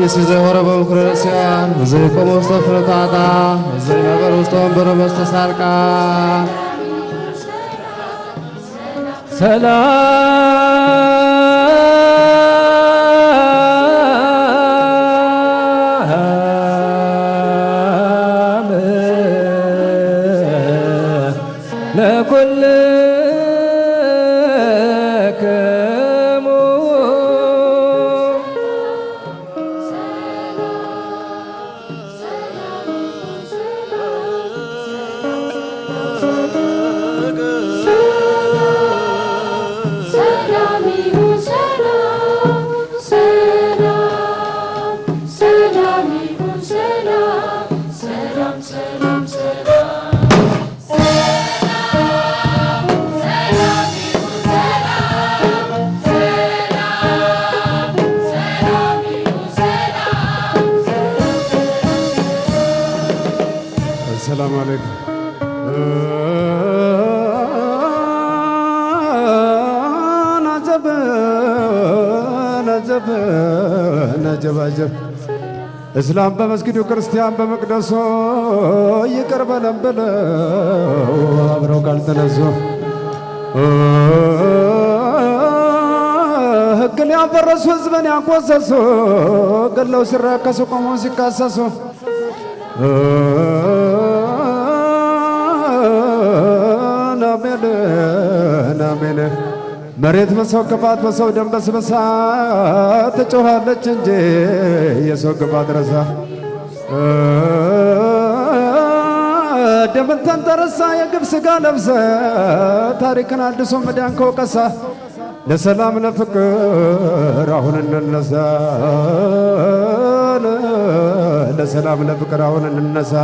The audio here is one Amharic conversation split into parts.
ቢስኪ ዘወረ በምኩረ ጽዮን ዘይቆም ውስተ ፍርጣጣ ዘይነበር ውስተ ወንበረ በስተሳርቃ ሰላም ማለት ናጀበ ናጀበ ናጀባጀብ እስላም በመስጊዱ ክርስቲያን በመቅደሶ ይቅር በለን ብለው አብረው ቃል ተነሱ። ህግን ያፈረሱ ህዝብን ያቆሰሱ ገለው ሲራከሱ ቆሞ ሲካሰሱ ነህ። መሬት በሰው ክፋት በሰው ደም በስብሳ ትጮኻለች እንጂ የሰው ክፋት ረሳ ደምንተን ተረሳ የግብ ስጋ ለብሰ ታሪክን አድሶ መዳን ከውቀሳ ለሰላም ለፍቅር አሁን እንነሳ ለሰላም ለፍቅር አሁን እንነሳ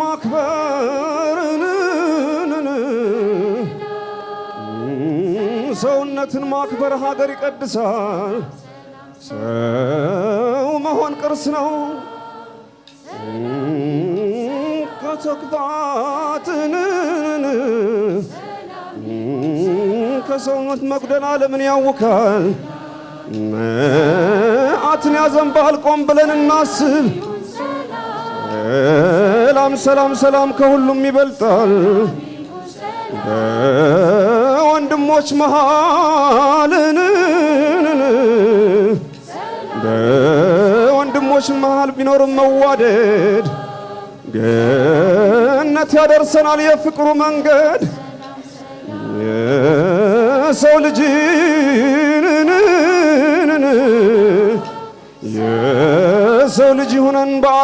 ማክበርን ሰውነትን ማክበር ሀገር ይቀድሳል። ሰው መሆን ቅርስ ነው። ከተግባትን ከሰውነት መጉደል ዓለምን ያውካል። መዓትን ያዘንባል። ቆም ብለን እናስብ። ሰላም ሰላም ሰላም ከሁሉም ይበልጣል በወንድሞች መሃልን በወንድሞች መሃል ቢኖርም መዋደድ ገነት ያደርሰናል የፍቅሩ መንገድ የሰው ልጅ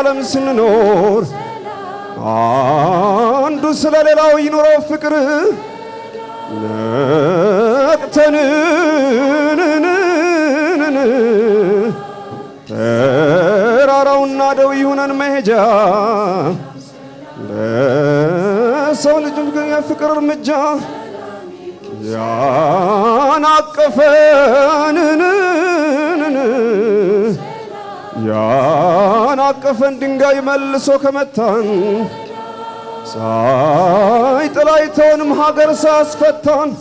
ለዘላለም ስንኖር አንዱ ስለ ሌላው ይኑረው ፍቅር ነቅተን ተራራውና ደው ይሁነን መሄጃ ለሰው ልጅ የፍቅር እርምጃ ያናቀፈንን ያ ያቀፈን ድንጋይ መልሶ ከመታን ሳይ ጥላይተውንም ሀገር ሳያስፈታን